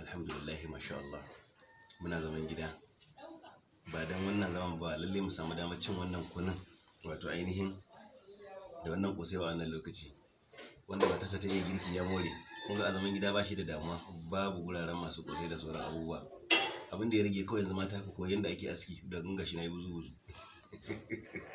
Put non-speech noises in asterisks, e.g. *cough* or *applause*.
alhamdulillahi masha Allah muna zaman gida ba dan wannan zaman ba lalle mu samu damar cin wannan kunun wato ainihin da wannan kosai a wannan lokaci wanda tasa ta iya girki ya more kun ga a zaman gida ba shi da damuwa babu wuraren masu kosai da sauran abubuwa abin da ya rage kawai zama ta koyon yadda ake aski da ganga shi na yi wuzu wuzu *laughs*